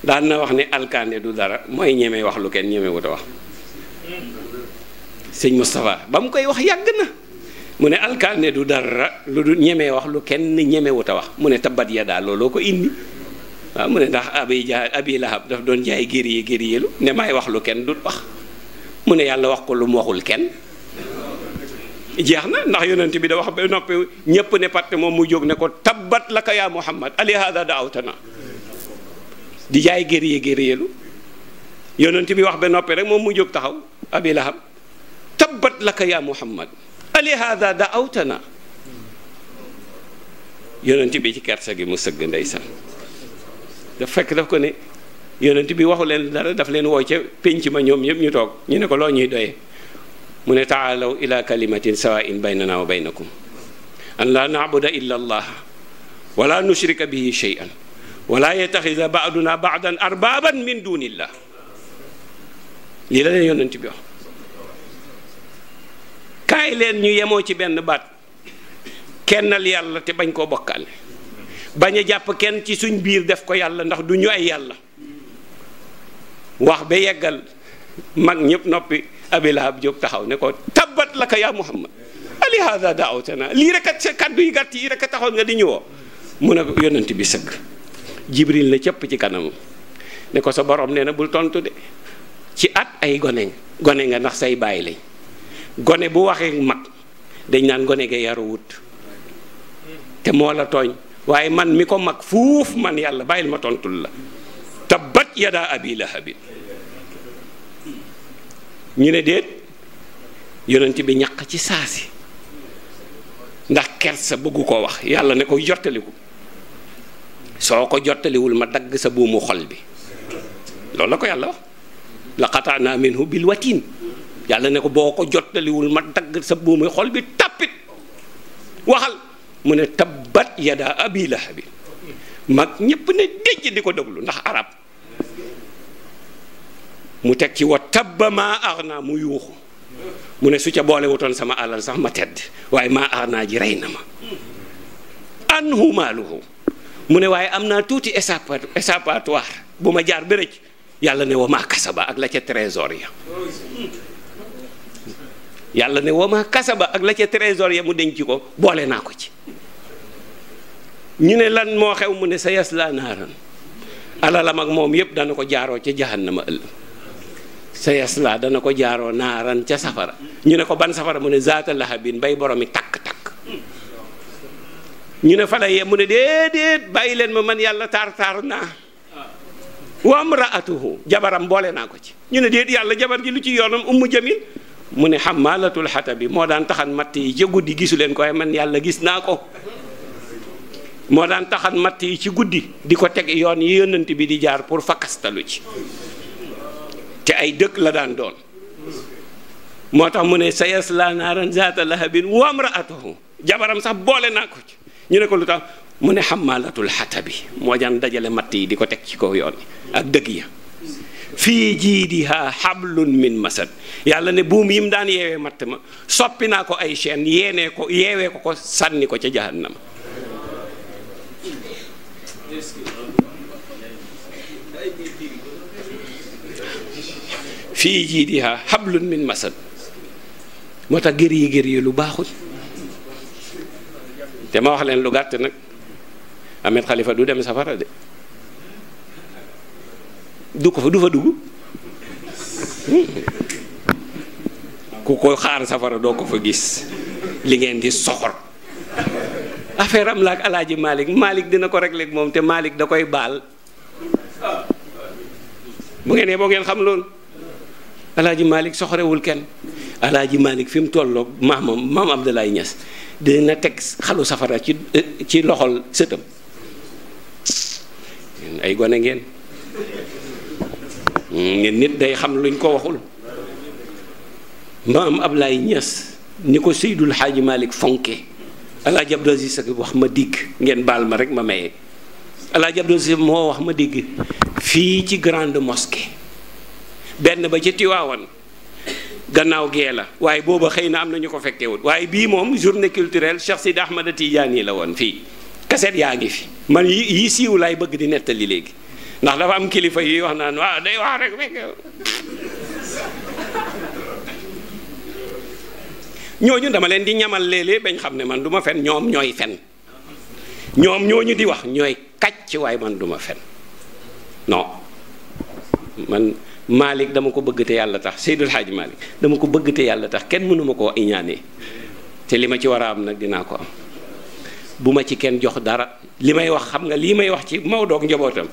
daan na wax ne alkaande du dara mooy ñeme wax lu kenn ñeme wut a wax sëñ Moustapha ba mu koy wax yàgg na mu ne alkaande du dara lu du ñeme wax lu kenn ñeme wut wax mu ne tabbat ya daal looloo ko indi waaw mu ne ndax abi ja abi lahab daf doon jaay gériye gériyelu wax lu kenn du wax mu ne yàlla wax ko lu mu waxul kenn jeex na ndax yonent bi da wax ba noppi ñépp ne patt moom mu jóg ne ko tabbat la ka yaa muhammad ali hada daawtana di jaay gërëye gërëyelu yonent bi wax ba noppi rek moom mu jóg taxaw abi lahab tabbat laka ya muhammad ali hada da awtana bi ci kersa gi mu sëgg ndeysaan daf fekk daf ko ne yonent bi waxu leen dara daf leen woo ca pénc ma ñoom yëpp ñu toog ñu ne ko loo ñuy doyee mu ne taalaw ila kalimatin sawain baynana wa baynakum an la naabuda illa allah wala nushrika bihi shay'an wala yetaxisa baaduna baadan arbaaban min dunillah lii la leen yonent bi wax kaay leen ñu yemoo ci benn baat kennal yàlla te bañ koo bokkaale bañ a jàpp kenn ci suñ biir def ko yàlla ndax duñu ay yàlla wax ba yeggal mag ñépp noppi abi lahab jóg taxaw ne ko tabbat laka yaa muhammad ali hada daawtana lii rek a sa kàddu yi gàtt yi rek a taxoon nga di ñëwoo woo mu ne ko yonent bi sëgg jibril na cëpp ci kanamam ne ko sa borom nee na bul tontu de ci at ay gone nga gone nga ndax say bàyyi lañ gone bu waxee mag dañ naan gone ga yaruwut te moo la tooñ waaye man mi ko mag fuuf man yàlla bàyyil ma tontul la tabbat yadaa abi lahabin ñu ne déet yonent bi ñaq ci saa si ndax sa bëggu koo wax yàlla ne ko jottaliku soo ko jottaliwul ma dagg sa buumu xol bi loolu la ko yàlla wax la qataana minhu bil yàlla ne ko boo ko jottaliwul ma dagg sa buumu xol bi tàppit waxal mu ne tabbat yada abi lahabi mag ñépp ne déjj di ko déglu ndax arab mu teg ci wa tabba maa naa mu yuuxu mu ne su ca boole wutoon sama alal sax ma tedd waaye maa naa ji rey na ma anhu mu ne waaye am naa tuuti échappatoire bu ma jaar bërëj yàlla ne wamaa kasaba ak la ca trésor ya yàlla ne wamaa kasaba ak la ca trésor ya mu denc ko boole naa ko ci ñu ne lan moo xew mu ne sa yas laa naaran alalam ak moom yépp dana ko jaaroo ca jahannama ëllëg sa yas laa dana ko jaaroo naaran ca safara ñu ne ko ban safara mu ne zaata lahabin bay boromi takk-takk ñu ne fa la yem mu ne déedéet bàyyi leen ma man yàlla taar taar naa wa amraatuhu jabaram boole naa ko ci ñu ne déet yàlla jabar ji lu ci yoonam ummu jamil mu ne xamalatul xatabi moo daan taxan matt yi ci gisu leen ko man yàlla gis naa ko moo daan taxan matt yi ci guddi di ko teg yoon yi yónnant bi di jaar pour fakkastalu ci te ay dëkk la daan doon moo tax mu ne sayasla naaran zaata lahabin wa amraatuhu jabaram sax boole naa ko ci ñu ne ko lu tax mu ne xamaalatul xatabi moo daan dajale matt yi di ko teg ci kaw yoon ak dëgg ya fii jiidiha xablun min masad yàlla ne buum yi mu daan yeewee matt ma soppi naa ko ay chaîne yeenee ko yeewee ko ko sànni ko ca jahannama fii jiidiha xablun min masad moo tax gër yi gër yi lu baaxul te ma wax leen lu gàtt nag Ahmed Khalifa du dem safara de du ko fa du fa dugg ku ko xaar safara doo ko fa gis li ngeen di soxor affaire am la ak alaaji Malick Malick dina ko régler ak moom te Malick da koy baal mu ngeen boo ngeen xam loolu alaaji malik soxorewul kenn alaaji Malick fi mu tolloog maamam maam Abdoulaye Niass dina teg xalu safara ci ci loxol sëtam ay gone ngeen nit day xam luñ ko waxul maam Ablaye Niass ni ko Seydul Xaaji malik fonke Alaaji Abdou Aziz Sy wax ma digg ngeen baal ma rek ma maye Alaaji Abdou Aziz moo wax ma digg fii ci grande mosquée benn ba ci Tiwaawan gannaaw gee la waaye booba xëy na am na ñu ko fekkewut waaye bii moom journée culturelle Cheikh a Ahmada yi la woon fii kaset yaa ngi fi man yi yi siiw laay bëgg di nettali léegi ndax dafa am kilifa yuy wax naan waaw day wax rek rek ñooñu dama leen di ñamal léeg xam ne man du ma ñoom ñooy fen ñoom ñooñu di wax ñooy kàcc waaye man duma ma fen non man maalik dama ko bëgg te yàlla tax Seydul Hadj Malick dama ko bëgg te yàlla tax kenn mënuma koo iñaanee te li ma ci war a am nag dinaa ko am bu ma ci kenn jox dara li may wax xam nga lii may wax ci Maodo ak njabootam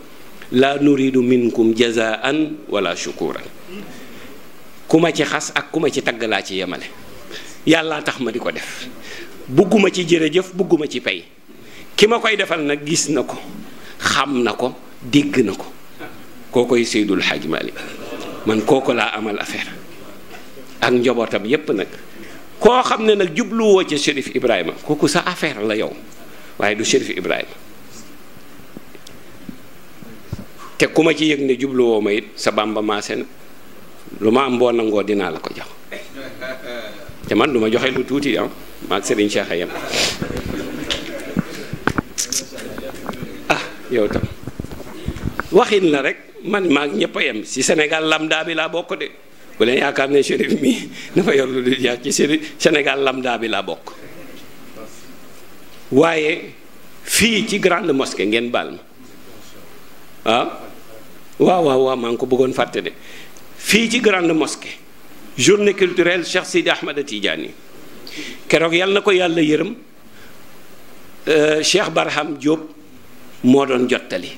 laa nuridu minkum jazaan wala shukuran ku ma ci xas ak ku ma ci tagg laa ci yemale yàllaa tax ma di ko def bugguma ci jëf bugguma ci pay ki ma koy defal nag gis na ko xam na ko dégg na ko koo koy Seydul Hadj Malick man kooku laa amal affaire ak njobootam yépp nag koo xam ne nag jubluwoo ca Chérif Ibrahima kooku sa affaire la yow waaye du Chérif Ibrahima te ku ma ci yëg ne jubluwoo ma sa bamba maase na lu ma am boo nangoo dinaa la ko jox te man du ma joxe lu tuuti ah maag Serigne Cheikh yam ah yow tam waxin la rek. man maag ñëpp a yem si Sénégal lambda bi laa bokk de bu leen yaakaar ne dafa yor lu dul jaar Sénégal lambda bi laa bokk waaye fii ci grande mosquée ngeen baal ma ah? waaw waaw waaw maa ngi ko bëggoon fàtte de fii ci grande mosquée journée culturelle Cheikh Sidi Ahmed Tidiane keroog yàlla na ko yàlla yërëm euh, Cheikh Barham Diop moo doon jottali.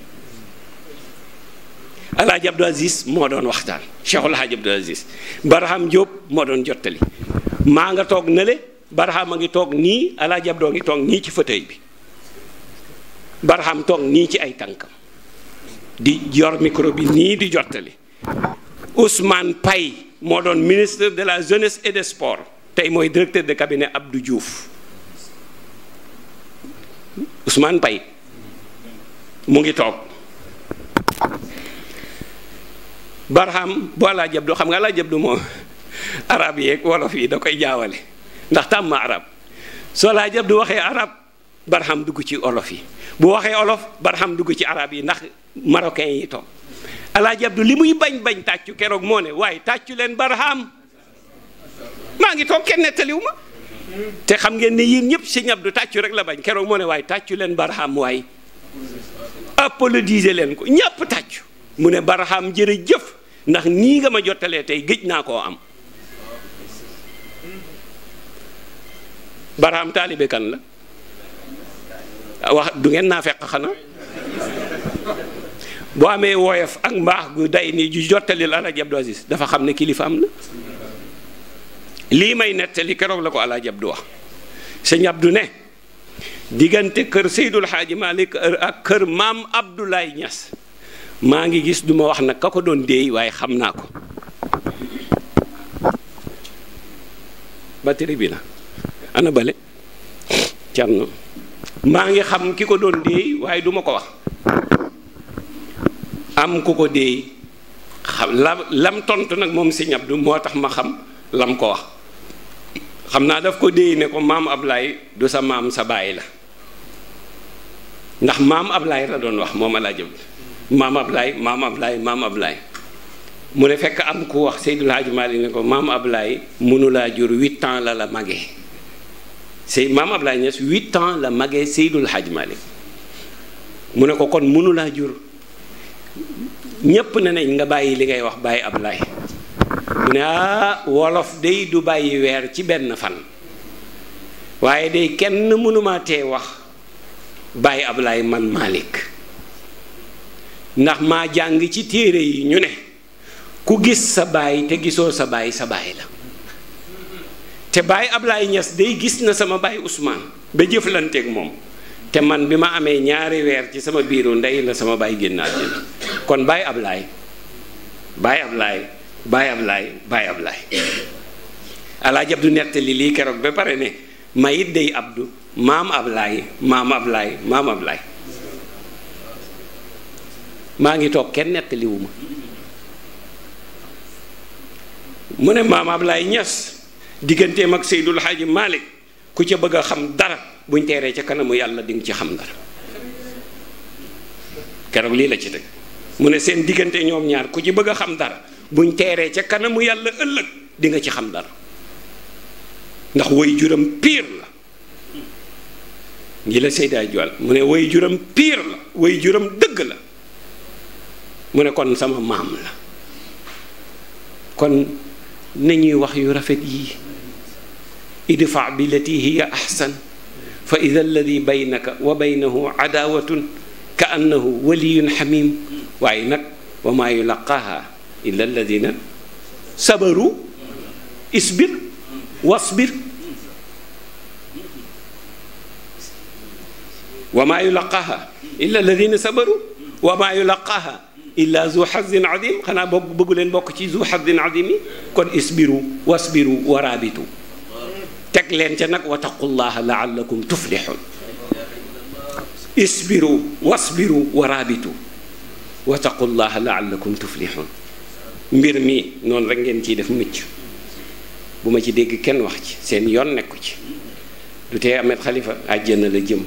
El Hadj Abdou Aziz moo doon waxtaan Cheikhul Hadj Abdou Aziz Barham Diop moo doon jottali maa nga toog nële Barham a ngi toog nii El Hadj Abdou ngi toog nii ci fauteuil bi Barham toog nii ci ay tànkam di yor micro nii di jottali Ousmane pay moo doon ministre de la jeunes et des sports tey mooy directeur de cabinet Abdou Diouf Ousmane Paye mu ngi toog. barham bu alaa jabdu xam nga alaa jabdu moom arab yeeg wolof yi da koy jaawale ndax tàmm arab soo alaa jabdu waxee arab barham dugg ci olof yi bu waxee olof barham dugg ci arab yi ndax marocain yi toog alaa jabdu li muy bañ bañ tàccu keroog moo ne waaye tàccu leen barham maa ngi toog kenn nettaliwu ma xam ngeen ni yéen ñëpp si du tàccu rek la bañ keroog moo ne waaye tàccu leen barham waaye applaudisé leen ko ñàpp tàccu mu ne barham jëf ndax nii nga ma jottalee tey géej naa koo am baraam taalibe kan la wax du ngeen naa fekk xanaa boo amee woyof ak mbaax gu day nii ju jottalil Alaaji Abdu Asiis dafa xam ne kilifa am lii may nettali keroog la ko Alaaji Abdu wax sëñ Abdu ne diggante kër Seydul Xaaji Malik ak kër maam Abdoulaye Niass maa ngi gis duma wax nag ka ko doon déey waaye xam naa ko batterie bi la ana bale Cerno maa ngi xam ki ko doon déey waaye duma ko wax am ku ko déey xam la lam tontu nag moom si ñab du moo tax ma xam lam ko wax xam naa daf ko déey ne ko maam Ablaay du sa maam sa baay la ndax maam ab laay la doon wax moom alaa jëb maam Ablaay maam Ablaay maam mu ne fekk am ku wax Seydil Hadji Malick ne ko maam Ablaay mënulaa jur huit ans la la magee Sey maam Ablaay Niass huit ans la magee Seydil Hadji Malick mu ne ko kon mënulaa jur ñépp ne nañ nga bàyyi li ngay wax bàyyi Ablaay mu ne ah wolof day du bàyyi weer ci benn fan waaye day kenn mënumaa tee wax bàyyi Ablaay man Malick ndax maa jàng ci téere yi ñu ne ku gis sa baay te gisoo sa baay sa baay la te baay ablaay ñas day gis na sama baay usmaan ba jëflanteeg moom te man bi ma amee ñaari weer ci sama biiru ndey la sama baay génn àddina kon baay Ablaye baay Ablaye baay Ablaye baay Ablaye Alaaji Abdu nettali lii keroog ba pare ne ma it day Abdu maam Ablaye maam Ablaye maam Ablaye maa ngi toog kenn nettaliwu mu ne maam Ablaye ñas digganteem ak Seydul Xaaji Malik ku ca bëgg a xam dara buñ teeree ca kanamu yàlla dinga ci xam dara keroog lii la ci teg mu ne seen diggante ñoom ñaar ku ci bëgg a xam dara buñ teeree ca kanamu yàlla ëllëg di ci xam dara ndax way juram piir la ngi la Seydi Aji mu ne way juram piir la way juram dëgg la mu ne kon sama maam la kon nañuy wax yu rafet yii idfa bi lati hiya ahsan fa ida alladi baynaka wa baynahu adaawatun ka annahu waliyun xamim waaye nag wa maa yulaqaaha illa alladina sabaru isbir wasbir wa maa yulaqaaha illa alladina sabaru wa maa yulaqaaha ilaa zu xazin xanaa bokk bëggu leen bokk ci zu xazin adim kon isbiru wasbiru leen ca nag wa taqullaha laallakum tuflixun isbiru wasbiru waraabitu wa taqullaha mi noonu rek ngeen ciy def mucc ma ci dégg kenn wax ci seen yoon nekku ci du tee Ahmed Khalifa àjjana la jëm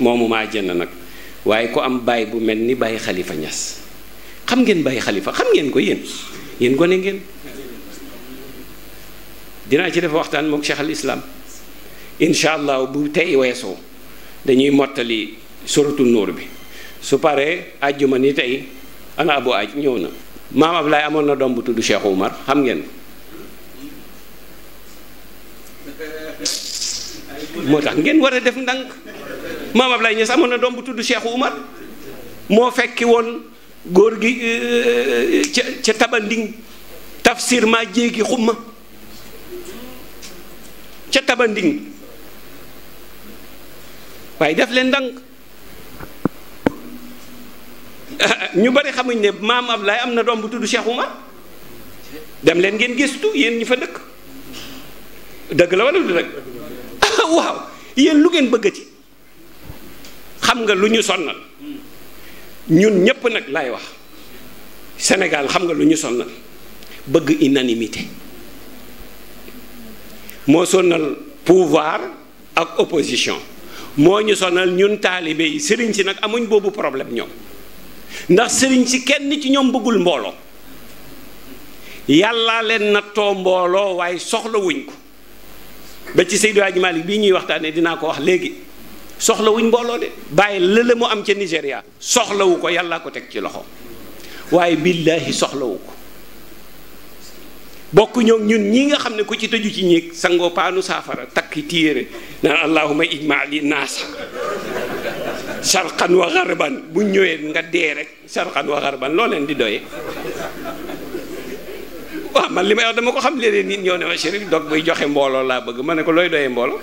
moomu àjjana nag waaye ku am baay bu mel ni Baay Khalifa Ñas xam ngeen bàyyi xalifa xam ngeen ko yéen yéen gone ngeen dinaa ci def waxtaan mook cheikh al islam incha bu tey weesoo dañuy mottali suratu nuur bi su paree àjjuma ni tey ana abu aj ñëw na maam Ablaye amoon na doom bu tudd Cheikh Oumar xam ngeen moo tax ngeen war def ndànk maam Ablaye Niass amoon na doom bu tudd Cheikh Oumar moo fekki woon góor gi euh, euh, ca ca tabanding tafsir maa jéegi xumma ca tabanding waaye def leen ndànk ñu bari xamuñ ne maam Ablaye am na doom bu tudd Cheikh ma dem leen ngeen gëstu yéen ñi fa dëkk dëgg la wala du dëgg waaw yéen lu ngeen bëgg ci xam nga lu ñu sonnal ñun ñépp nag laay wax Sénégal xam nga lu ñu sonnal bëgg unanimité moo sonnal pouvoir ak opposition moo ñu sonal ñun taalibe yi sëriñ si nag amuñ boobu problème ñoom ndax sëriñ si kenn ci ñoom bëggul mbooloo yàllaa leen nattoo mbooloo waaye soxlawuñ ko ba ci Seydou Hadj Malick bii ñuy waxtaanee dinaa ko wax léegi soxlawuñ mbooloo de bàyyi lële mu am ca Nigéria soxlawu ko yàllaa ko teg ci loxo waaye billaahi soxlawu ko bokk ñoom ñun ñi nga xam ne ku ci tëju ci ñéeg sangoo paanu saafara takki téere naan allahuma ijma li naasa sharqan wa garban bu ñëwee nga dee rek sharqan wa garban loo leen di doyee waaw man li may wax dama ko xam léeg-léeg nit ñoo ne ma chérif dog buy joxe mbooloo laa bëgg ma ne ko looy doye mbooloo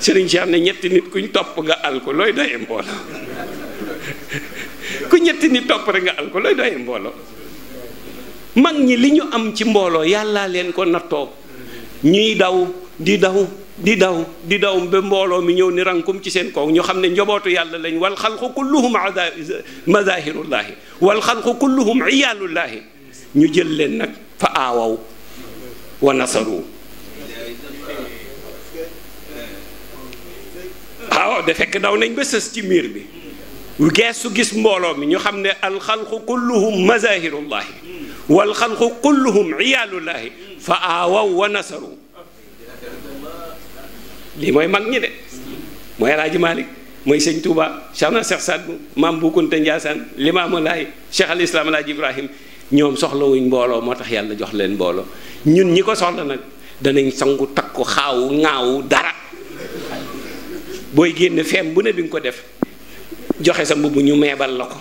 si am na ñetti nit kuñ topp nga al ko looy doyee mbooloo ku ñetti nit topp rek nga al looy doyee mbooloo mag ñi li ñu am ci mbooloo yàlla leen ko nattoo ñuy daw di daw di daw di daw ba mbooloo mi ñëw ni rankum ci seen kaw ñu xam ne njobootu yàlla lañ wal xalqu kulluhum mazahirullahi wal xalqu kulluhum iyalullahi ñu jël leen nag fa aawaw wa nasaru waaw da fekk daw nañ ba sës ci miir bi su gis mbooloo mi ñu xam ne alxalqu kulluhum mazahirullahi walxalqu kulluhum iyaalullahi fa aawaw wa nasaru lii mooy mag ñi de mooy El Hadj Malick mooy sëñ Touba Cheikh na Cheikh Saad Bou maam Bu Kunta Ndiassane Limaamu Laay Cheikh al Islam El Hadj Ibrahim ñoom soxlawuñ mbooloo moo tax yàlla jox leen mbooloo ñun ñi ko soxla nag danañ sangu takku xaawu ŋaawu dara. booy génn feem bu ne bi nga ko def joxe sa mbubb ñu meebal la ko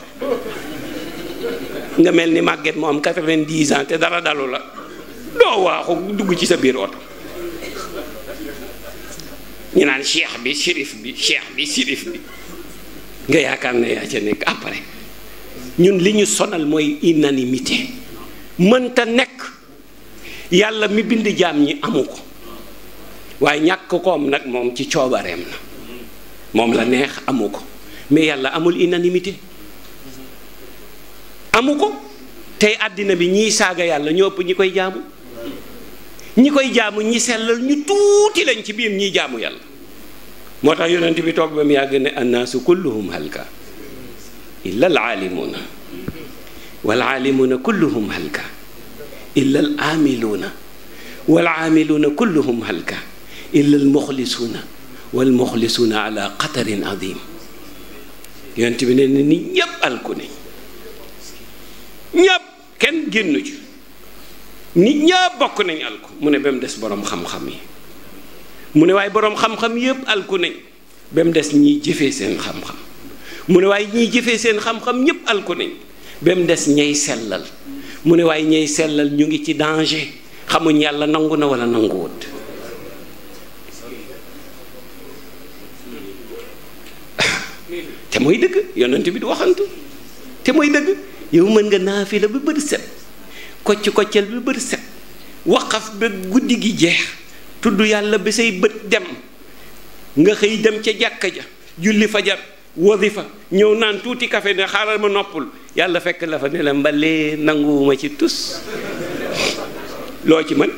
nga mel ni màgget moom am quatre vingt te dara dalu la doo waaxu dugg ci sa biir oto ñu naan cheikh bi shérif bi cheikh bi shérif bi nga yaakaar ne yaa ca nekk après ñun li ñu sonal mooy unanimité mënta nekk yàlla mi bind jaam ñi amu ko waaye ñàkk koom nag moom ci coobareem la moom la neex amu ko yàlla amul unanimité amu ko tey àddina bi ñiy saaga yàlla ñoo ëpp ñi koy jaamu ñi koy jaamu ñi sellal ñu tuuti lañ ci biir ñiy jaamu yàlla moo tax yonent bi toog ba mu yàgg ne annaasu kulluhum halka illa al wal aalimuuna kulluhum halka illa al aamiluuna wal aamiluuna kulluhum wal muxlisuuna ala xatarin adim yonent bi ne ni ñépp alku ne ñépp kenn génnu ci nit ñépp bokk nañ alku mu ne ba mu des boroom xam-xam yi mu ne waaye boroom xam-xam yépp alku ba mu des ñiy jëfee seen xam mu ne waaye ñiy jëfee seen xam-xam ñépp alku des ñay sellal mu ne waaye ñay sellal ñu ngi ci danger xamuñ yàlla nangu na wala nanguwut mooy dëgg yonent bi du waxantu te mooy dëgg yow mën nga naafila ba bët set kocc koccal bi bët set waqaf ba guddi gi jeex tudd yàlla ba say bët dem nga xëy dem ca jàkka ja julli fajar wasifa ñëw naan tuuti kafe ne xaaral ma noppul yàlla fekk la fa ne la nanguwuma ci tus loo ci mën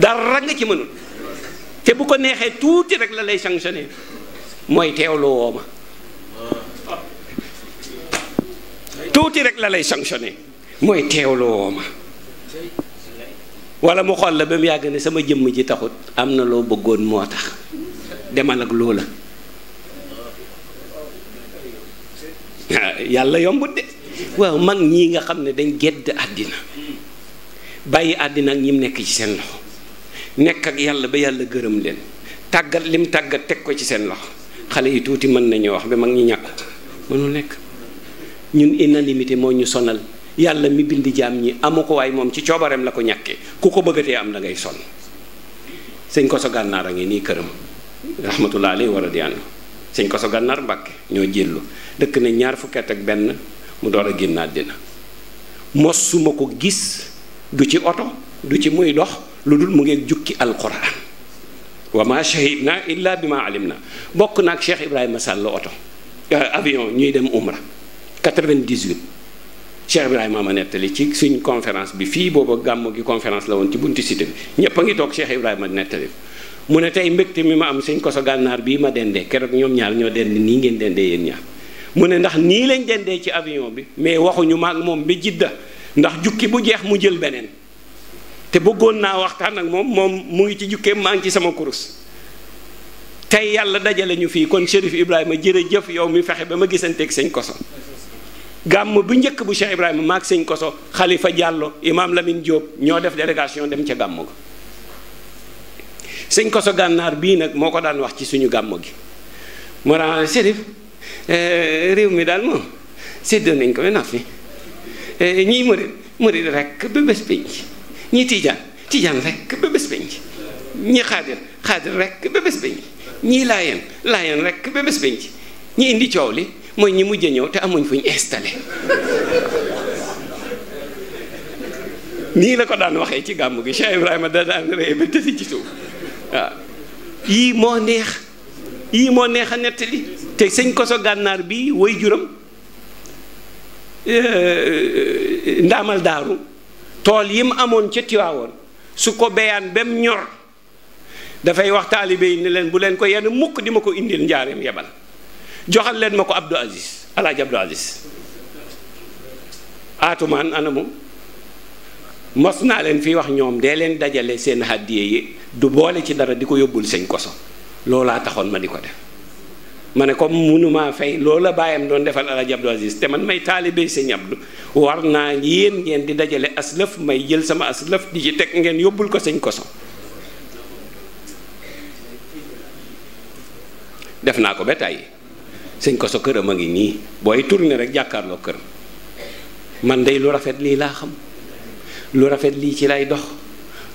dara nga ci mënul te bu ko neexee tuuti rek la lay sanctionné mooy teewlu woo ma tuuti rek la lay sanctionné mooy teewlu woo ma wala mu xool la ba mu yàgg ne sama jëmm ji taxut am na loo bëggoon moo tax demal ak loola yàlla yombut de waaw mag ñii nga xam ne dañ gedd àddina bàyyi àddina ak ñim nekk ci seen loxo nekk ak yàlla ba yàlla gërëm leen tàggat mu tàggat teg ko ci seen loxo xale yi tuuti mën nañu wax ba mag ñi ñàkk mënul nekk ñun unanimité moo ñu sonal yàlla mi bind jaam ñi amu ko waaye moom ci coobareem la ko ñàkkee ku ko bëggatee am da ngay sonn sëñ Koso Gànnaar a ngi nii këram rahmatullah alayhi wa radiyallahu sëñ Koso Gànnaar Mbàkke ñoo jéllu dëkk na ñaar fukki ak benn mu door a génn àddina mosuma ko gis du ci oto du ci muy dox lu dul mu ngi jukki alquran wa ma naa illa bi ma alim na bokk ak Cheikh Ibrahima Sall oto euh, avion ñuy dem umra 98 Cheikh Ibrahima ma nettali ci suñ conférence bi fii booba gàmm gi conférence la woon ci buntu cité bi ñëpp a ngi toog Cheikh Ibrahima nettali mu ne tey mbégte mi ma am suñ koso gànnaar bii ma dendee keroog ñoom ñaar ñoo dend nii ngeen dendee yéen ñaar mu ne ndax nii lañ dendee ci avion bi mais waxuñu ma moom bi jidda ndax jukki bu jeex mu jël beneen te bëggoon naa waxtaan ak moom moom mu ngi ci jukkee maa ngi ci sama kurus tey yàlla dajale ñu fii kon Chérif Ibrahima jërëjëf yow mi fexe ba ma gisanteeg sëñ koso gàmm bu njëkk bu Cheikh Ibrahima maag sëñ Koso xalifa Diallo Imaam Lamine Diop ñoo def délégation dem ca gàmm ga sëñ Koso gànnaar bii nag moo ko daan wax ci suñu gàmm gi moo daan eh, réew mi daal moom séddoo nañ ko ba noppi eh, ñii murid murid rek ba bés penc ñii tijaan tijaan rek ba bés penc ñii xaadir xaadir rek ba bés penc ñii laayeen laayeen rek ba bés penc ñi indi coow li mooy ñi mujje ñëw te amuñ fuñ installé nii la ko daan waxee ci gàmm gi Cheikh Ibrahima da daan ree ba tësi ci suuf yii moo neex yii moo neex a nettali te sëñ koso gànnaar bi woy juram euh, ndaamal daaru tool yi mu amoon ca Tiwaawoon su ko beyaan ba mu ñor dafay wax taalibe yi ne leen bu leen ko yenn mukk di ma ko indil njaareem yebal joxal leen ma ko Abdou Aziz alaaji Abdou Aziz aatumaan ana mos naa leen fii wax ñoom dee leen dajale seen hàddiyee yi du boole ci dara di ko yóbbul sëñ koso loolaa taxoon ma di ko def ma ne comme mënumaa fay loola bàyyam doon defal alaaji Abdou Aziz te man may taalibee sëñ Abdou war naa yéen ngeen di dajale aslëf may jël sama aslëf di ci teg ngeen yóbbul ko sëñ koso def naa ko ba tàyyi sëñ ko sa këram a ngi nii booy turne rek jàkkaarloo këram man day lu rafet lii laa xam lu rafet lii ci lay dox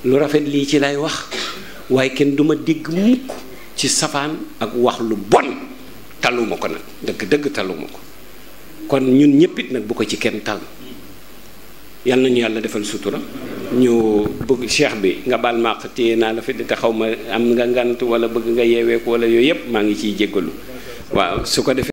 lu rafet lii ci lay wax waaye kenn duma dégg mukk ci safaan ak wax lu bon taluma ko nag dëgg dëgg taluma ko kon ñun it nag bu ko ci kenn tal yal ñu yàlla defal sutura ñu bëgg cheikh bi nga baal maaq téye naa la fi te xaw ma am nga ngant wala bëgg nga yeeweeku wala yooyu yëpp maa ngi ciy jéggalu waaw su ko defee